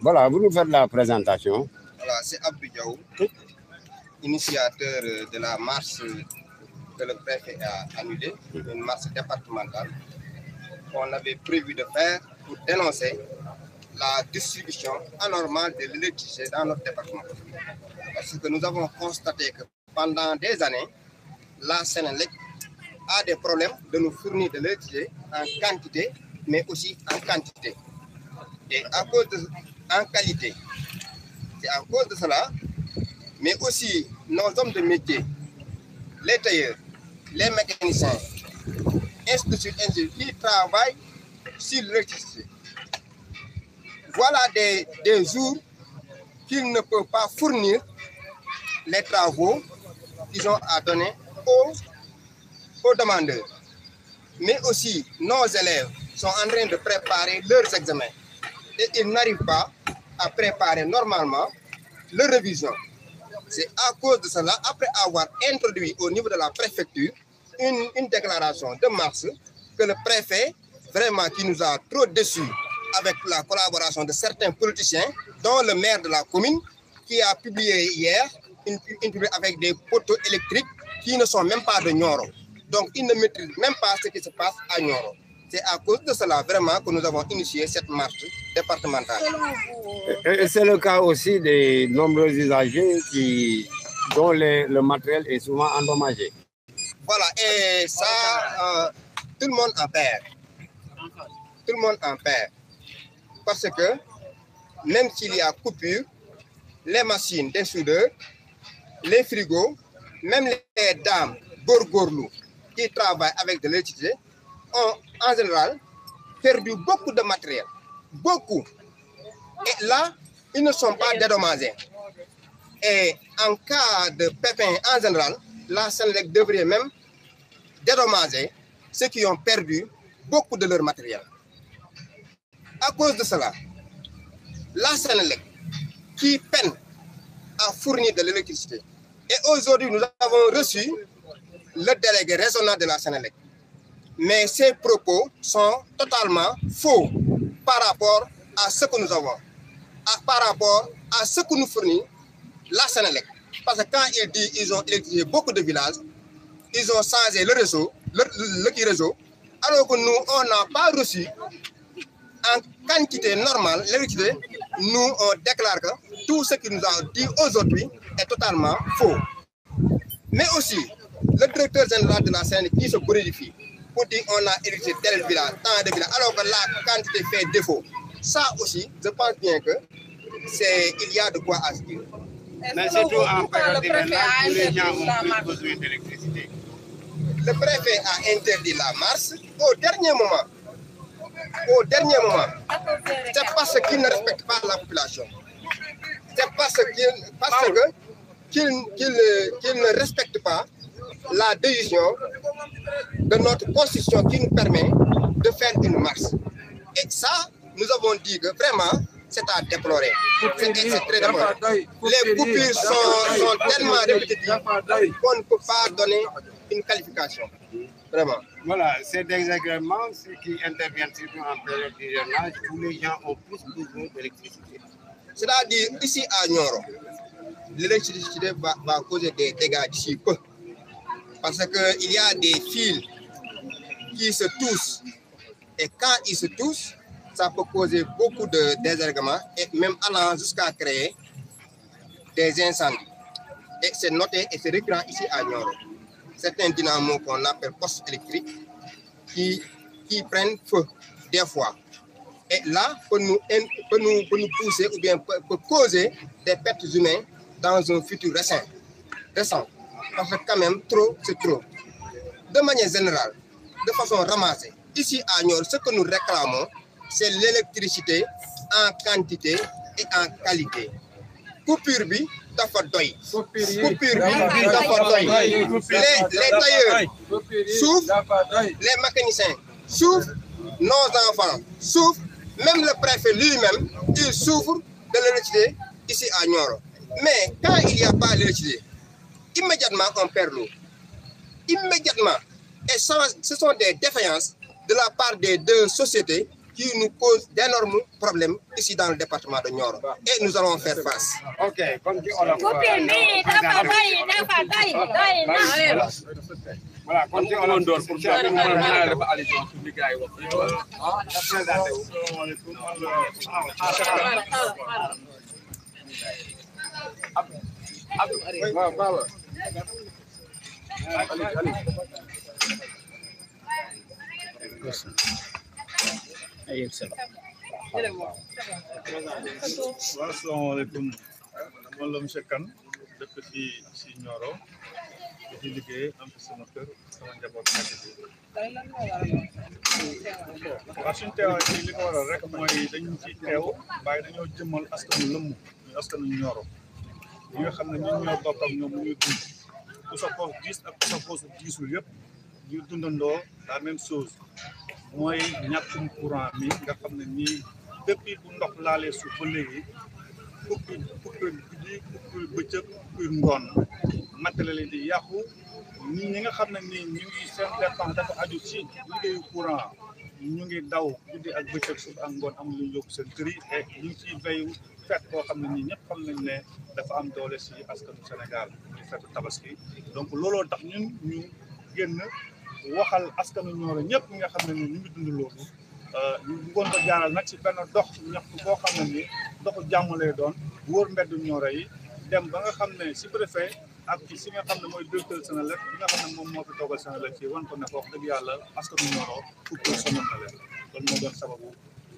Voilà, vous nous faites la présentation. Voilà, c'est Abdou Diaw, initiateur de la marche que le préfet a annulée, mhm. une marche départementale qu'on avait prévu de faire pour dénoncer la distribution anormale de l'électricité dans notre département. Parce que nous avons constaté que pendant des années, la Sénélec a des problèmes de nous fournir de l'électricité en quantité, mais aussi en quantité. Et à cause en qualité. C'est à cause de cela, mais aussi nos hommes de métier, les tailleurs, les mécaniciens, ainsi de travaillent sur l'électricité. Voilà des, jours qu'ils ne peuvent pas fournir les travaux qu'ils ont à donner aux, aux demandeurs. Mais aussi, nos élèves sont en train de préparer leurs examens et ils n'arrivent pas à préparer normalement le révision. C'est à cause de cela, après avoir introduit au niveau de la préfecture une, déclaration de mars, que le préfet, vraiment qui nous a trop déçus avec la collaboration de certains politiciens, dont le maire de la commune, qui a publié hier une, pub avec des poteaux électriques qui ne sont même pas de Nioro. Donc, il ne maîtrise même pas ce qui se passe à Nioro. C'est à cause de cela vraiment que nous avons initié cette marche départementale. Et, c'est le cas aussi des nombreux usagers qui, dont le matériel est souvent endommagé. Voilà, et ça, euh, tout le monde en perd. Tout le monde en perd. Parce que même s'il y a coupure, les machines des soudeurs, les frigos, même les dames gorgorlou qui travaillent avec de l'électricité ont en général perdu beaucoup de matériel. Beaucoup. Et là, ils ne sont pas dédommagés. Et en cas de pépin en général, la Sénélec devrait même dédommager ceux qui ont perdu beaucoup de leur matériel. À cause de cela, la Sénélec, qui peine à fournir de l'électricité, et aujourd'hui nous avons reçu le délégué raisonnable de la Sénélec, mais ces propos sont totalement faux par rapport à ce que nous avons, par rapport à ce que nous fournit la Sénélec. Parce que quand ils dit qu'ils ont électrifié beaucoup de villages, ils ont changé le réseau, le, qui réseau, alors que nous, on n'a pas reçu en quantité normale l'électricité. Nous, on déclare que tout ce qu'ils nous ont dit aujourd'hui est totalement faux. Mais aussi, le directeur général de la Sénélec qui se purifie, pour on a hérité tel village, tant de villages, alors que la quantité fait défaut. Ça aussi, je pense bien que c'est il y a de quoi agir. Mais surtout en période d'hivernage où les gens ont plus besoin d'électricité. Le préfet a interdit la marche au dernier moment. Au dernier moment. C'est parce qu'il ne respecte pas la population. C'est parce qu'il parce que qu euh, ne respecte pas la décision de notre constitution qui nous permet de faire une marche. Et ça, nous avons dit que vraiment, c'est à déplorer. C'est très Les coupures sont, tellement répétitives qu'on ne peut pas donner une qualification. Vraiment. Voilà, c'est exactement ce qui interviennent en période d'hivernage où les gens ont plus de besoin d'électricité. C'est-à-dire, ici à Nyoro, l'électricité va, va causer des dégâts d'ici peu. Parce qu'il y a des fils qui se toussent. Et quand ils se toussent, ça peut causer beaucoup de désagréments et même allant jusqu'à créer des incendies. Et c'est noté et c'est récurrent ici à C'est un dynamo qu'on appelle poste électrique qui, qui prennent feu des fois. Et là, peut nous, peut nous, pousser ou bien causer des pertes humaines dans un futur récent. récent parce fait, quand même, trop, c'est trop. De manière générale, de façon ramassée, ici à Niort, ce que nous réclamons, c'est l'électricité en quantité et en qualité. Coupure bi Coupure Les les tailleurs souffrent, les mécaniciens souffrent, nos enfants souffrent, même le préfet lui-même, il souffre de l'électricité ici à Nioro. Mais quand il n'y a pas l'électricité immédiatement, on perd l'eau. Immédiatement. Et ce sont des défaillances de la part des deux sociétés qui nous causent d'énormes problèmes ici dans le département de nord Et nous allons faire face. OK. waaw asalaamaaleykum man la monsieur Kane dëkk ci ci Nioro di ci liggéey am fi sama kër sama njaboot nekk ci waaw suñu teewaay ci li ko waral rek mooy dañu ci teew waaye dañoo jëmmal askanu lëmm muy askanu Nioro ñi nga xam ne ñun ñoo bokk ak ñoom ñuy dund ku sa poos diis ak ku sa poos diisul yëpp ñu dundandoo la même chose mooy ñàkkum courant mi nga xam ne nii depuis bu ndox laalee suuf ba léegi kukki kukki guddi kukki bëccëg kukki ngoon matériel di yàqu ñi ñi nga xam ne nii ñu ngi seen dépense dafa aju ci liggéeyu courant ñu ngi daw guddi ak bëccëg suuf ak ngoon am lu ñu seen kër yi ñu ngi ciy fête koo xam ne nii ñëpp xam nañ ne dafa am doole si askanu Sénégal di fête tabaski donc looloo tax ñun ñu génn waxal askanu Nioro ñëpp ñi nga xam ne nii ñu ngi dund loolu ngoon euh, ko jaaral nag si benn dox ñaxtu koo xam ne nii doxu jàmm lay doon wóor mbedd Nioro yi dem ba nga xam ne si préfet ak si nga xam ne mooy directeur Senelec bi nga xam ne moo fi toogal Senelec fii wan dëgg yàlla askanu Nioro pour doon sababu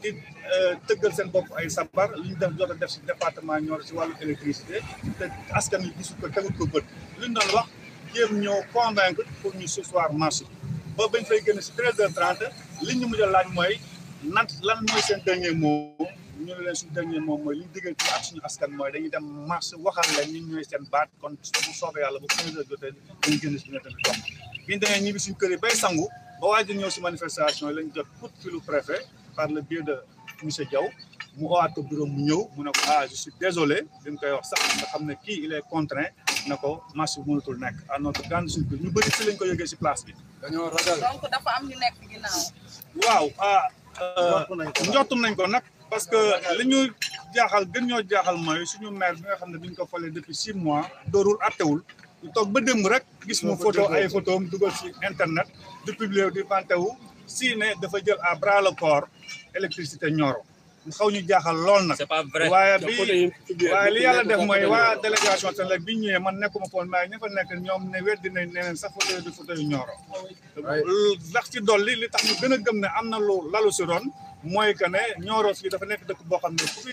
di euh, tëggal seen bopp ay sabar li ñu def jot a def si département Nioro si wàllu électricité te askan wi gisul ko tegut ko bët li ñu wax jéem ñoo convaincre pour ñu sousseoir marché ba bañ fay génn si treize heures trente li ñu mujj laaj mooy nan lan mooy seen dernier mot ñu ne leen suñu dernier mot mooy li ñu diggante ak suñu askan mooy dañuy dem marché waxal leen ñun ñooy seen baat kon bu soobee yàlla bu quinze heures jotee dañu génn si dina tamit dox bi ñu demee ñibbi suñu kër bay sangu ba manifestation lañ jot coup de fil par le biais de monsieur Diaw mu owaat ko bureau mu ñëw mu ne ko ah je suis désolé bi koy wax sax nga xam ne kii il est contraint na ko marche bu mënatul nekk à notre grande surprise ñu bëri si lañ ko yëgee si place bi. dañoo ragal donc dafa am ñu nekk ginnaaw. Ah, euh, nañ ko nag. parce que li ñu jaaxal gën ñoo jaaxal mooy suñu maire bi nga xam ne bi ñu ko falee depuis six mois doorul attewul ñu toog ba démb rek gis mu photo ay photo am dugal si internet di publier di vantewu si ne dafa jël à bras le corps électricité Nioro ñu jaaxal lool na c'est pas vrai waaye bi waaye li yàlla def mooy waa délégation Senelec bi ñëwee man nekkuma foon mais ña fa nekk ñoom ne weddi nañ neneen sax fauteuil du fauteuil Nioro. ndax ci dolli li tax ñu gën a gëm ne am na lu lalu si doon. moy que ne ñoro gi dafa nek dëkk boo xam ne ku fi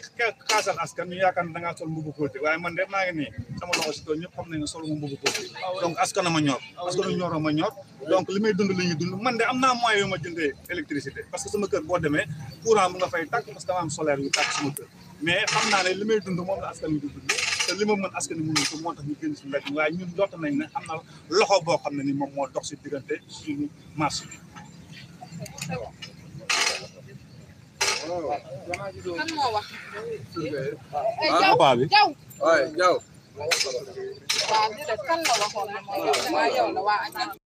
kaasal askan ñu yaakaar ne da ngaa sol mbubu kóote waaye man de maa ngi nii sama loxo si tool ñëpp xam nañ ne solu ma mbubu kóote donc askan ma ñor askan ñoro ma ñor donc li may dund li ñuy dund man de am naa moyen yu ma jëndee électricité parce que sama kër boo demee courant mu nga fay tàkk parce que dama am solaire yu tàkk sama kër mais xam naa ne li may dund moom la askan mi di dund te li ma mën askan mënu ko moo tax ñu génn si mbedd waaye ñun jot nañ ne am na loxo boo xam ne ni moom moo dox si diggante suñu marché bi kan moo wax. papa bi jaw jaw waaw kan la waxoon